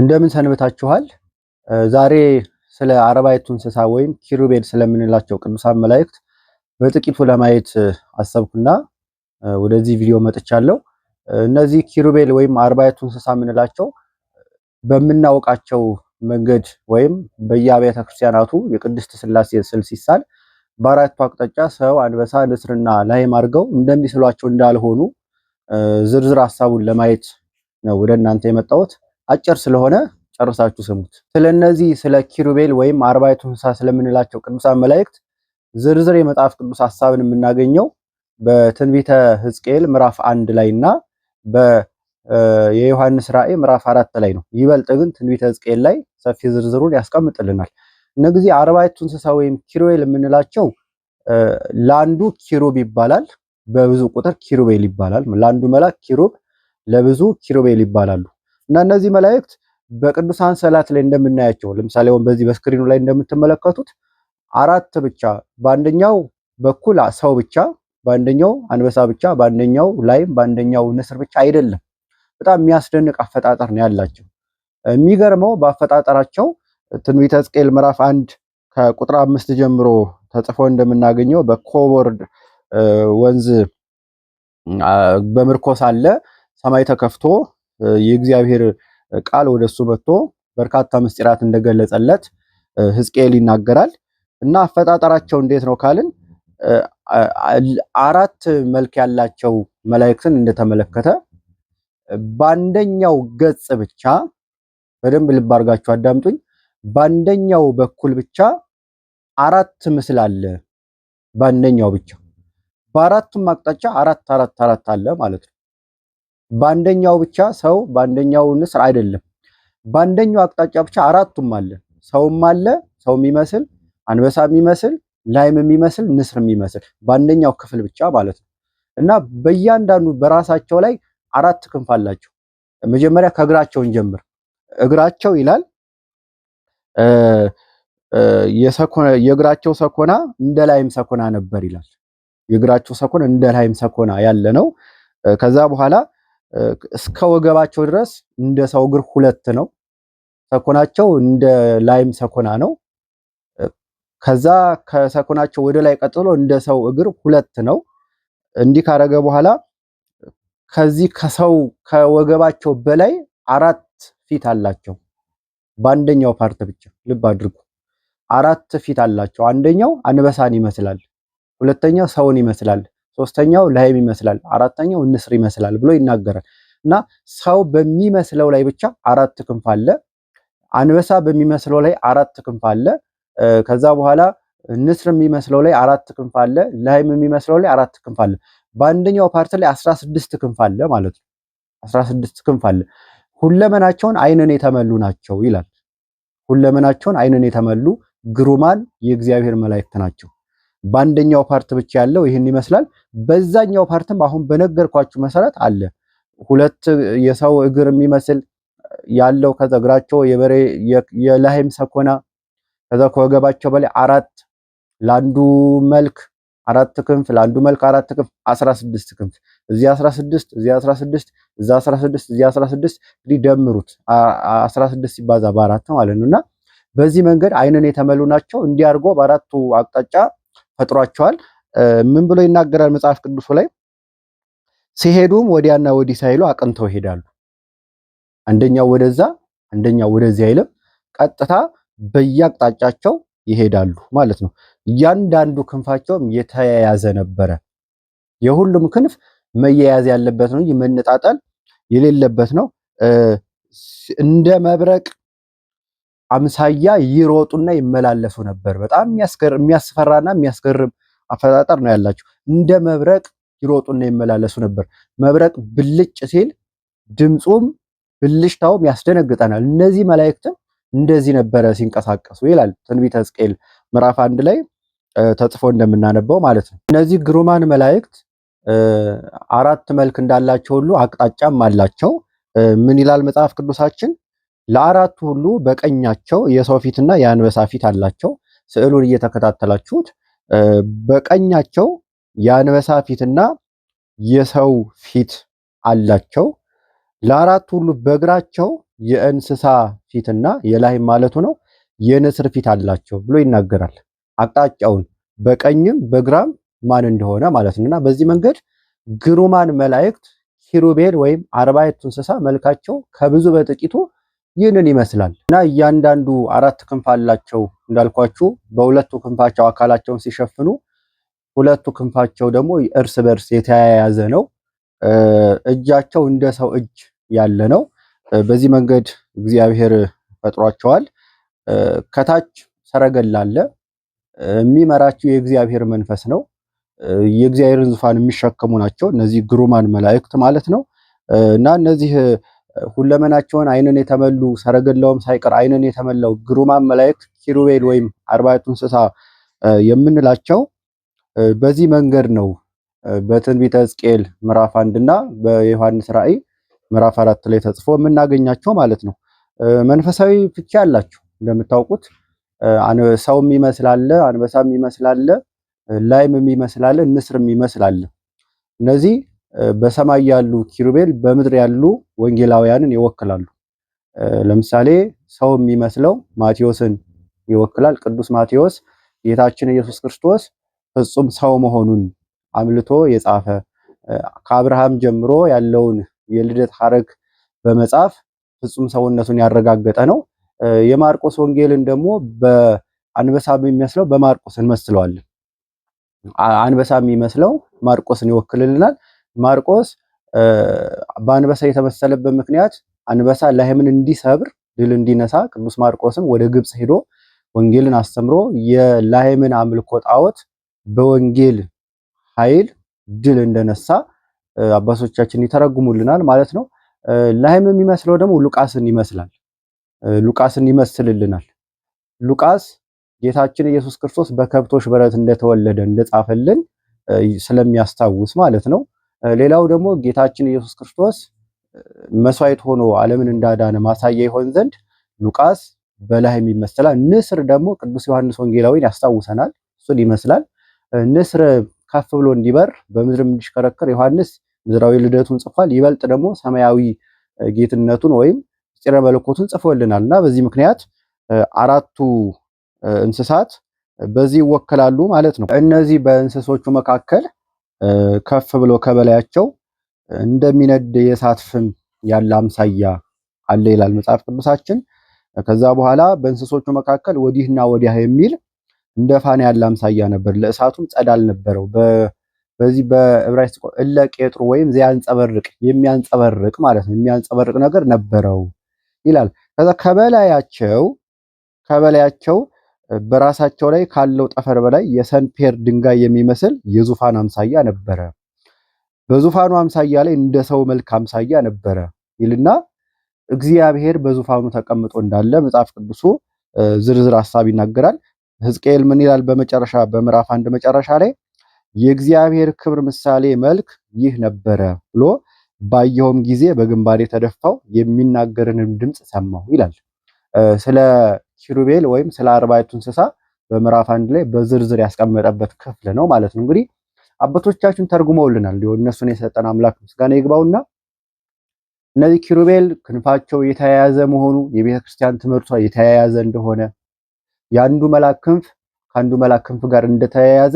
እንደምን ሰንብታችኋል? ዛሬ ስለ አርባዕቱ እንስሳ ወይም ኪሩቤል ስለምንላቸው ቅዱሳን መላእክት በጥቂቱ ለማየት አሰብኩና ወደዚህ ቪዲዮ መጥቻለሁ። እነዚህ ኪሩቤል ወይም አርባዕቱ እንስሳ የምንላቸው በምናውቃቸው መንገድ ወይም በየአብያተ ክርስቲያናቱ የቅድስት ስላሴ ስዕል ሲሳል በአራቱ አቅጣጫ ሰው፣ አንበሳ፣ ንስርና ላይም አድርገው እንደሚስሏቸው እንዳልሆኑ ዝርዝር ሀሳቡን ለማየት ነው ወደ እናንተ የመጣሁት። አጭር ስለሆነ ጨርሳችሁ ስሙት። ስለነዚህ ስለ ኪሩቤል ወይም አርባዕቱ እንስሳ ስለምንላቸው ቅዱሳን መላእክት ዝርዝር የመጽሐፍ ቅዱስ ሐሳብን የምናገኘው በትንቢተ ሕዝቅኤል ምዕራፍ አንድ ላይ እና የዮሐንስ ራእይ ምዕራፍ አራት ላይ ነው። ይበልጥ ግን ትንቢተ ሕዝቅኤል ላይ ሰፊ ዝርዝሩን ያስቀምጥልናል። እነዚህ አርባዕቱ እንስሳ ወይም ኪሩቤል የምንላቸው ለአንዱ ኪሩብ ይባላል፣ በብዙ ቁጥር ኪሩቤል ይባላል። ለአንዱ መልአክ ኪሩብ፣ ለብዙ ኪሩቤል ይባላሉ። እና እነዚህ መላእክት በቅዱሳን ሰላት ላይ እንደምናያቸው ለምሳሌ አሁን በዚህ በስክሪኑ ላይ እንደምትመለከቱት አራት ብቻ በአንደኛው በኩል ሰው ብቻ በአንደኛው አንበሳ ብቻ በአንደኛው ላይም በአንደኛው ንስር ብቻ አይደለም። በጣም የሚያስደንቅ አፈጣጠር ነው ያላቸው። የሚገርመው በአፈጣጠራቸው ትንቢተ ሕዝቅኤል ምዕራፍ አንድ ከቁጥር አምስት ጀምሮ ተጽፎ እንደምናገኘው በኮቦርድ ወንዝ በምርኮ ሳለ ሰማይ ተከፍቶ የእግዚአብሔር ቃል ወደሱ መጥቶ በርካታ ምስጢራት እንደገለጸለት ህዝቅኤል ይናገራል። እና አፈጣጠራቸው እንዴት ነው ካልን አራት መልክ ያላቸው መላእክትን እንደተመለከተ በአንደኛው ገጽ ብቻ በደንብ ልብ አድርጋችሁ አዳምጡኝ። በአንደኛው በኩል ብቻ አራት ምስል አለ። በአንደኛው ብቻ በአራቱም አቅጣጫ አራት አራት አራት አለ ማለት ነው። በአንደኛው ብቻ ሰው በአንደኛው ንስር አይደለም። በአንደኛው አቅጣጫ ብቻ አራቱም አለ። ሰውም አለ፣ ሰው የሚመስል አንበሳ የሚመስል ላይም የሚመስል ንስር የሚመስል በአንደኛው ክፍል ብቻ ማለት ነው። እና በእያንዳንዱ በራሳቸው ላይ አራት ክንፍ አላቸው። መጀመሪያ ከእግራቸውን ጀምር እግራቸው ይላል የእግራቸው ሰኮና እንደ ላይም ሰኮና ነበር ይላል። የእግራቸው ሰኮና እንደ ላይም ሰኮና ያለ ነው። ከዛ በኋላ እስከ ወገባቸው ድረስ እንደ ሰው እግር ሁለት ነው። ሰኮናቸው እንደ ላይም ሰኮና ነው። ከዛ ከሰኮናቸው ወደ ላይ ቀጥሎ እንደ ሰው እግር ሁለት ነው። እንዲህ ካረገ በኋላ ከዚህ ከሰው ከወገባቸው በላይ አራት ፊት አላቸው። በአንደኛው ፓርት ብቻ ልብ አድርጉ፣ አራት ፊት አላቸው። አንደኛው አንበሳን ይመስላል፣ ሁለተኛው ሰውን ይመስላል፣ ሶስተኛው ለህብ ይመስላል፣ አራተኛው ንስር ይመስላል ብሎ ይናገራል። እና ሰው በሚመስለው ላይ ብቻ አራት ክንፍ አለ። አንበሳ በሚመስለው ላይ አራት ክንፍ አለ። ከዛ በኋላ ንስር የሚመስለው ላይ አራት ክንፍ አለ። ለህብ የሚመስለው ላይ አራት ክንፍ አለ። በአንደኛው ፓርት ላይ 16 ክንፍ አለ ማለት ነው። 16 ክንፍ አለ። ሁለመናቸውን አይንን የተመሉ ናቸው ይላል። ሁለመናቸውን አይንን የተመሉ ግሩማን የእግዚአብሔር መላእክት ናቸው። በአንደኛው ፓርት ብቻ ያለው ይህን ይመስላል። በዛኛው ፓርትም አሁን በነገርኳችሁ መሰረት አለ ሁለት የሰው እግር የሚመስል ያለው ከዛ እግራቸው የበሬ የላህም ሰኮና ከዛ ከወገባቸው በላይ አራት ለአንዱ መልክ አራት ክንፍ ለአንዱ መልክ አራት ክንፍ 16 ክንፍ እዚህ 16 እዚህ 16 እዚህ 16 እዚህ 16 እንግዲህ ደምሩት 16 ሲባዛ በአራት ማለት ነውና በዚህ መንገድ አይንን የተመሉ ናቸው። እንዲያርጎ በአራቱ አቅጣጫ ፈጥሯቸዋል። ምን ብሎ ይናገራል መጽሐፍ ቅዱሱ ላይ? ሲሄዱም ወዲያና ወዲህ ሳይሉ አቅንተው ይሄዳሉ። አንደኛው ወደዛ አንደኛው ወደዚህ አይልም። ቀጥታ በየአቅጣጫቸው ይሄዳሉ ማለት ነው። እያንዳንዱ ክንፋቸውም የተያያዘ ነበረ። የሁሉም ክንፍ መያያዝ ያለበት ነው መነጣጠል የሌለበት ነው። እንደ መብረቅ አምሳያ ይሮጡና ይመላለሱ ነበር። በጣም የሚያስፈራና የሚያስገርም አፈጣጠር ነው ያላቸው። እንደ መብረቅ ይሮጡና ይመላለሱ ነበር። መብረቅ ብልጭ ሲል ድምፁም ብልሽታውም ያስደነግጠናል። እነዚህ መላእክትም እንደዚህ ነበረ ሲንቀሳቀሱ ይላል ትንቢተ ሕዝቅኤል ምዕራፍ አንድ ላይ ተጽፎ እንደምናነበው ማለት ነው። እነዚህ ግሩማን መላእክት አራት መልክ እንዳላቸው ሁሉ አቅጣጫም አላቸው። ምን ይላል መጽሐፍ ቅዱሳችን? ለአራቱ ሁሉ በቀኛቸው የሰው ፊትና የአንበሳ ፊት አላቸው። ስዕሉን እየተከታተላችሁት በቀኛቸው የአንበሳ ፊትና የሰው ፊት አላቸው። ለአራቱ ሁሉ በግራቸው የእንስሳ ፊትና የላይ ማለቱ ነው የንስር ፊት አላቸው ብሎ ይናገራል። አቅጣጫውን በቀኝም በግራም ማን እንደሆነ ማለት ነው እና በዚህ መንገድ ግሩማን መላእክት ኪሩቤል ወይም አርባዕቱ እንስሳ መልካቸው ከብዙ በጥቂቱ ይህንን ይመስላል እና እያንዳንዱ አራት ክንፍ አላቸው እንዳልኳችሁ በሁለቱ ክንፋቸው አካላቸውን ሲሸፍኑ ሁለቱ ክንፋቸው ደግሞ እርስ በርስ የተያያዘ ነው። እጃቸው እንደ ሰው እጅ ያለ ነው። በዚህ መንገድ እግዚአብሔር ፈጥሯቸዋል። ከታች ሰረገላ አለ። የሚመራቸው የእግዚአብሔር መንፈስ ነው። የእግዚአብሔርን ዙፋን የሚሸከሙ ናቸው እነዚህ ግሩማን መላእክት ማለት ነው እና እነዚህ ሁለመናቸውን አይንን የተመሉ ሰረገላውም ሳይቀር አይንን የተመላው ግሩማን መላእክት ኪሩቤል ወይም አርባዕቱ እንስሳ የምንላቸው በዚህ መንገድ ነው በትንቢተ ሕዝቅኤል ምዕራፍ አንድና በዮሐንስ ራእይ ምዕራፍ አራት ላይ ተጽፎ የምናገኛቸው ማለት ነው። መንፈሳዊ ፍቺ አላቸው። እንደምታውቁት ሰውም ይመስላል፣ አንበሳም ይመስላል፣ ላይም ይመስላል፣ ንስርም ይመስላል። እነዚህ በሰማይ ያሉ ኪሩቤል በምድር ያሉ ወንጌላውያንን ይወክላሉ። ለምሳሌ ሰው የሚመስለው ማቴዎስን ይወክላል። ቅዱስ ማቴዎስ ጌታችን ኢየሱስ ክርስቶስ ፍጹም ሰው መሆኑን አምልቶ የጻፈ ከአብርሃም ጀምሮ ያለውን የልደት ሐረግ በመጻፍ ፍጹም ሰውነቱን ያረጋገጠ ነው። የማርቆስ ወንጌልን ደግሞ በአንበሳ የሚመስለው በማርቆስ እንመስለዋለን። አንበሳ የሚመስለው ማርቆስን ይወክልልናል። ማርቆስ በአንበሳ የተመሰለበት ምክንያት አንበሳ ላህምን እንዲሰብር ድል እንዲነሳ ቅዱስ ማርቆስም ወደ ግብፅ ሄዶ ወንጌልን አስተምሮ የላህምን አምልኮ ጣዖት በወንጌል ኃይል ድል እንደነሳ አባቶቻችን ይተረጉሙልናል ማለት ነው። ላህም የሚመስለው ደግሞ ሉቃስን ይመስላል። ሉቃስን ይመስልልናል። ሉቃስ ጌታችን ኢየሱስ ክርስቶስ በከብቶች በረት እንደተወለደ እንደጻፈልን ስለሚያስታውስ ማለት ነው። ሌላው ደግሞ ጌታችን ኢየሱስ ክርስቶስ መስዋዕት ሆኖ ዓለምን እንዳዳነ ማሳያ ይሆን ዘንድ ሉቃስ በላህም ይመስላል። ንስር ደግሞ ቅዱስ ዮሐንስ ወንጌላዊን ያስታውሰናል። እሱን ይመስላል። ንስር ከፍ ብሎ እንዲበር በምድርም እንዲሽከረከር ዮሐንስ ምድራዊ ልደቱን ጽፏል። ይበልጥ ደግሞ ሰማያዊ ጌትነቱን ወይም ጽረ መለኮቱን ጽፎልናል እና በዚህ ምክንያት አራቱ እንስሳት በዚህ ይወከላሉ ማለት ነው። እነዚህ በእንስሶቹ መካከል ከፍ ብሎ ከበላያቸው እንደሚነድ የእሳት ፍም ያለ አምሳያ አለ ይላል መጽሐፍ ቅዱሳችን። ከዛ በኋላ በእንስሶቹ መካከል ወዲህና ወዲያ የሚል እንደ ፋና ያለ አምሳያ ነበር፣ ለእሳቱም ጸዳል ነበረው። በዚህ በዕብራይስጥ እለ ቄጥሩ ወይም ዘያንጸበርቅ የሚያንጸበርቅ ማለት ነው፣ የሚያንጸበርቅ ነገር ነበረው ይላል። ከዛ ከበላያቸው ከበላያቸው በራሳቸው ላይ ካለው ጠፈር በላይ የሰንፔር ድንጋይ የሚመስል የዙፋን አምሳያ ነበረ። በዙፋኑ አምሳያ ላይ እንደ ሰው መልክ አምሳያ ነበረ ይልና እግዚአብሔር በዙፋኑ ተቀምጦ እንዳለ መጽሐፍ ቅዱሱ ዝርዝር ሀሳብ ይናገራል። ሕዝቅኤል ምን ይላል? በመጨረሻ በምዕራፍ አንድ መጨረሻ ላይ የእግዚአብሔር ክብር ምሳሌ መልክ ይህ ነበረ ብሎ ባየሁም ጊዜ በግንባሬ ተደፋው የሚናገርንም ድምፅ ሰማሁ ይላል። ስለ ኪሩቤል ወይም ስለ አርባዕቱ እንስሳ በምዕራፍ አንድ ላይ በዝርዝር ያስቀመጠበት ክፍል ነው ማለት ነው። እንግዲህ አባቶቻችን ተርጉመውልናል። እንዲሁ እነሱን የሰጠን አምላክ ምስጋና ይግባውና እነዚህ ኪሩቤል ክንፋቸው የተያያዘ መሆኑ የቤተክርስቲያን ትምህርቷ የተያያዘ እንደሆነ የአንዱ መልአክ ክንፍ ከአንዱ መልአክ ክንፍ ጋር እንደተያያዘ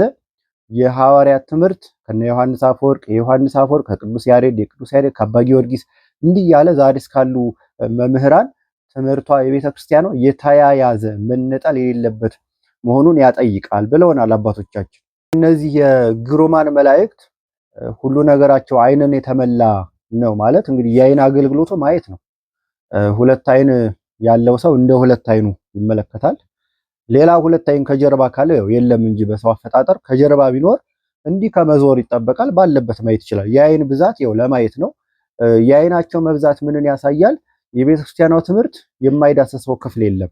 የሐዋርያት ትምህርት ከነ ዮሐንስ አፈወርቅ የዮሐንስ አፈወርቅ ከቅዱስ ያሬድ የቅዱስ ያሬድ ከአባ ጊዮርጊስ እንዲህ ያለ ዛሬ እስካሉ መምህራን ትምህርቷ የቤተ ክርስቲያኗ የተያያዘ መነጠል የሌለበት መሆኑን ያጠይቃል ብለውናል አባቶቻችን። እነዚህ የግሩማን መላእክት ሁሉ ነገራቸው አይንን የተመላ ነው ማለት እንግዲህ የአይን አገልግሎቱ ማየት ነው። ሁለት አይን ያለው ሰው እንደ ሁለት አይኑ ይመለከታል። ሌላ ሁለት አይን ከጀርባ ካለ ያው የለም እንጂ በሰው አፈጣጠር ከጀርባ ቢኖር እንዲህ ከመዞር ይጠበቃል። ባለበት ማየት ይችላል። የአይን ብዛት ያው ለማየት ነው። የአይናቸው መብዛት ምንን ያሳያል? የቤተ ክርስቲያኗ ትምህርት የማይዳሰሰው ክፍል የለም።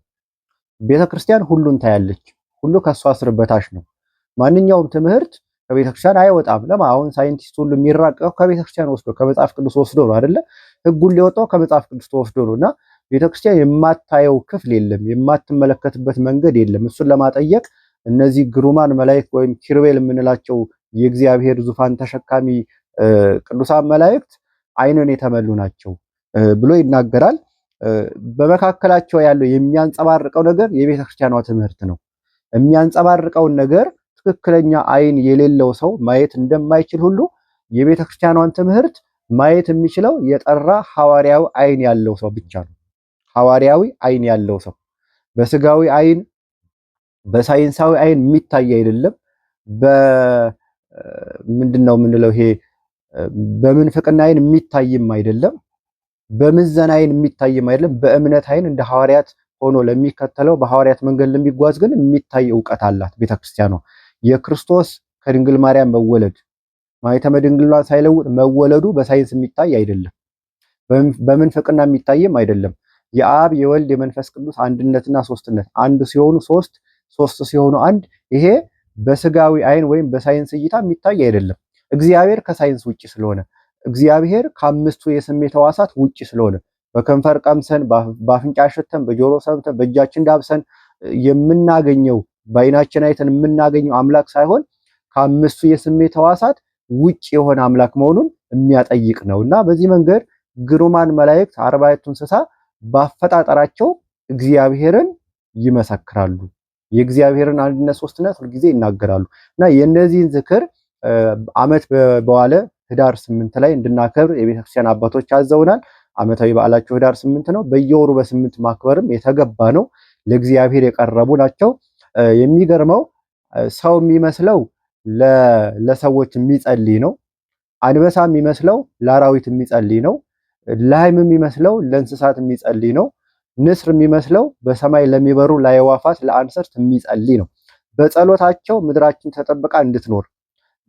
ቤተ ክርስቲያን ሁሉን ታያለች። ሁሉ ከሷ ስር በታች ነው። ማንኛውም ትምህርት ከቤተ ክርስቲያን አይወጣም። ለማ አሁን ሳይንቲስት ሁሉ የሚራቀው ከቤተ ክርስቲያን ወስዶ ከመጽሐፍ ቅዱስ ወስዶ ነው አይደለ? ህጉን ሊወጣው ከመጽሐፍ ቅዱስ ተወስዶ ነው እና ቤተ ክርስቲያን የማታየው ክፍል የለም፣ የማትመለከትበት መንገድ የለም። እሱን ለማጠየቅ እነዚህ ግሩማን መላእክት ወይም ኪሩቤል የምንላቸው የእግዚአብሔር ዙፋን ተሸካሚ ቅዱሳን መላእክት አይንን የተመሉ ናቸው። ብሎ ይናገራል። በመካከላቸው ያለው የሚያንጸባርቀው ነገር የቤተክርስቲያኗ ትምህርት ነው። የሚያንጸባርቀውን ነገር ትክክለኛ ዓይን የሌለው ሰው ማየት እንደማይችል ሁሉ የቤተክርስቲያኗን ትምህርት ማየት የሚችለው የጠራ ሐዋርያዊ ዓይን ያለው ሰው ብቻ ነው። ሐዋርያዊ ዓይን ያለው ሰው በስጋዊ ዓይን በሳይንሳዊ ዓይን የሚታይ አይደለም። በምንድን ነው የምንለው? ይሄ በምንፍቅና ዓይን የሚታይም አይደለም። በምዘና አይን የሚታይም አይደለም። በእምነት አይን እንደ ሐዋርያት ሆኖ ለሚከተለው በሐዋርያት መንገድ ለሚጓዝ ግን የሚታይ እውቀት አላት ቤተክርስቲያኗ። የክርስቶስ ከድንግል ማርያም መወለድ ማኅተመ ድንግልናን ሳይለውጥ መወለዱ በሳይንስ የሚታይ አይደለም። በምንፍቅና የሚታይም አይደለም። የአብ የወልድ የመንፈስ ቅዱስ አንድነትና ሶስትነት አንድ ሲሆኑ ሶስት ሶስት ሲሆኑ አንድ፣ ይሄ በስጋዊ አይን ወይም በሳይንስ እይታ የሚታይ አይደለም። እግዚአብሔር ከሳይንስ ውጭ ስለሆነ እግዚአብሔር ከአምስቱ የስሜት ህዋሳት ውጭ ስለሆነ በከንፈር ቀምሰን፣ በአፍንጫ ሸተን፣ በጆሮ ሰምተን፣ በእጃችን ዳብሰን የምናገኘው በአይናችን አይተን የምናገኘው አምላክ ሳይሆን ከአምስቱ የስሜት ህዋሳት ውጭ የሆነ አምላክ መሆኑን የሚያጠይቅ ነው እና በዚህ መንገድ ግሩማን መላእክት አርባዕቱ እንስሳ በአፈጣጠራቸው እግዚአብሔርን ይመሰክራሉ። የእግዚአብሔርን አንድነት ሶስትነት ሁልጊዜ ይናገራሉ እና የእነዚህን ዝክር ዓመት በዋለ ህዳር ስምንት ላይ እንድናከብር የቤተክርስቲያን አባቶች አዘውናል። ዓመታዊ በዓላቸው ህዳር ስምንት ነው። በየወሩ በስምንት ማክበርም የተገባ ነው። ለእግዚአብሔር የቀረቡ ናቸው። የሚገርመው ሰው የሚመስለው ለሰዎች የሚጸልይ ነው። አንበሳ የሚመስለው ለአራዊት የሚጸልይ ነው። ላይም የሚመስለው ለእንስሳት የሚጸልይ ነው። ንስር የሚመስለው በሰማይ ለሚበሩ ለአዕዋፋት፣ ለአንሰርት የሚጸልይ ነው። በጸሎታቸው ምድራችን ተጠብቃ እንድትኖር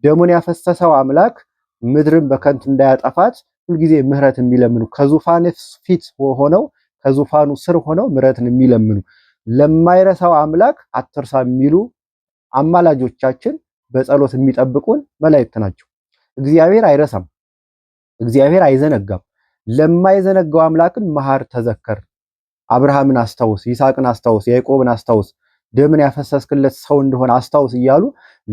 ደሙን ያፈሰሰው አምላክ ምድርን በከንቱ እንዳያጠፋት ሁልጊዜ ምሕረት የሚለምኑ ከዙፋን ፊት ሆነው ከዙፋኑ ስር ሆነው ምሕረትን የሚለምኑ ለማይረሳው አምላክ አትርሳ የሚሉ አማላጆቻችን በጸሎት የሚጠብቁን መላእክት ናቸው። እግዚአብሔር አይረሳም፣ እግዚአብሔር አይዘነጋም። ለማይዘነጋው አምላክን መሐር ተዘከር፣ አብርሃምን አስታውስ፣ ይስሐቅን አስታውስ፣ ያዕቆብን አስታውስ፣ ደምን ያፈሰስክለት ሰው እንደሆነ አስታውስ እያሉ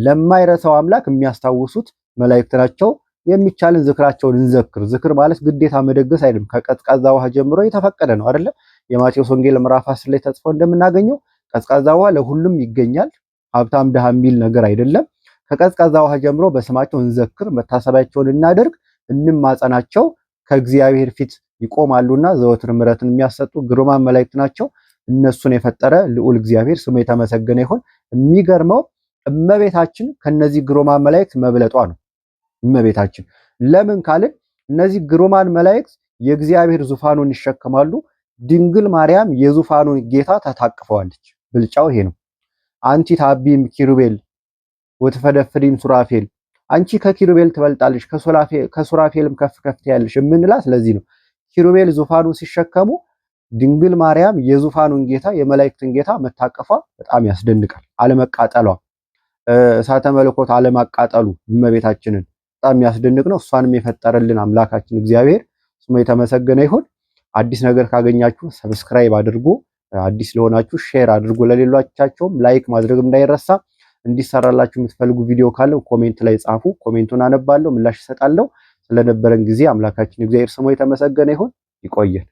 ለማይረሳው አምላክ የሚያስታውሱት መላእክት ናቸው። የሚቻልን ዝክራቸውን እንዘክር። ዝክር ማለት ግዴታ መደገስ አይደለም። ከቀዝቃዛ ውሃ ጀምሮ የተፈቀደ ነው አይደለ? የማቴዎስ ወንጌል ምዕራፍ አስር ላይ ተጽፎ እንደምናገኘው ቀዝቃዛ ውሃ ለሁሉም ይገኛል፣ ሀብታም ድሃ የሚል ነገር አይደለም። ከቀዝቃዛ ውሃ ጀምሮ በስማቸው እንዘክር፣ መታሰቢያቸውን እናደርግ፣ እንማጸናቸው፣ ከእግዚአብሔር ፊት ይቆማሉና ዘወትር ምሕረትን የሚያሰጡ ግሩማን መላእክት ናቸው። እነሱን የፈጠረ ልዑል እግዚአብሔር ስሙ የተመሰገነ ይሁን። የሚገርመው እመቤታችን ከነዚህ ግሩማን መላእክት መብለጧ ነው። እመቤታችን። ለምን ካልን እነዚህ ግሩማን መላእክት የእግዚአብሔር ዙፋኑን ይሸከማሉ። ድንግል ማርያም የዙፋኑን ጌታ ተታቅፈዋለች። ብልጫው ይሄ ነው። አንቺ ታቢም ኪሩቤል ወተፈደፍሪም ሱራፌል፣ አንቺ ከኪሩቤል ትበልጣለች ከሱራፌልም ከፍ ከፍ ያለሽ የምንላት ለዚህ ነው። ኪሩቤል ዙፋኑን ሲሸከሙ ድንግል ማርያም የዙፋኑን ጌታ የመላእክትን ጌታ መታቀፏ በጣም ያስደንቃል። አለመቃጠሏ እሳተ መለኮት አለማቃጠሉ እመቤታችንን በጣም የሚያስደንቅ ነው። እሷንም የፈጠረልን አምላካችን እግዚአብሔር ስሙ የተመሰገነ ይሁን። አዲስ ነገር ካገኛችሁ ሰብስክራይብ አድርጉ። አዲስ ለሆናችሁ ሼር አድርጉ። ለሌሎቻቸውም ላይክ ማድረግ እንዳይረሳ። እንዲሰራላችሁ የምትፈልጉ ቪዲዮ ካለው ኮሜንት ላይ ጻፉ። ኮሜንቱን አነባለሁ፣ ምላሽ እሰጣለሁ። ስለነበረን ጊዜ አምላካችን እግዚአብሔር ስሙ የተመሰገነ ይሁን። ይቆየን።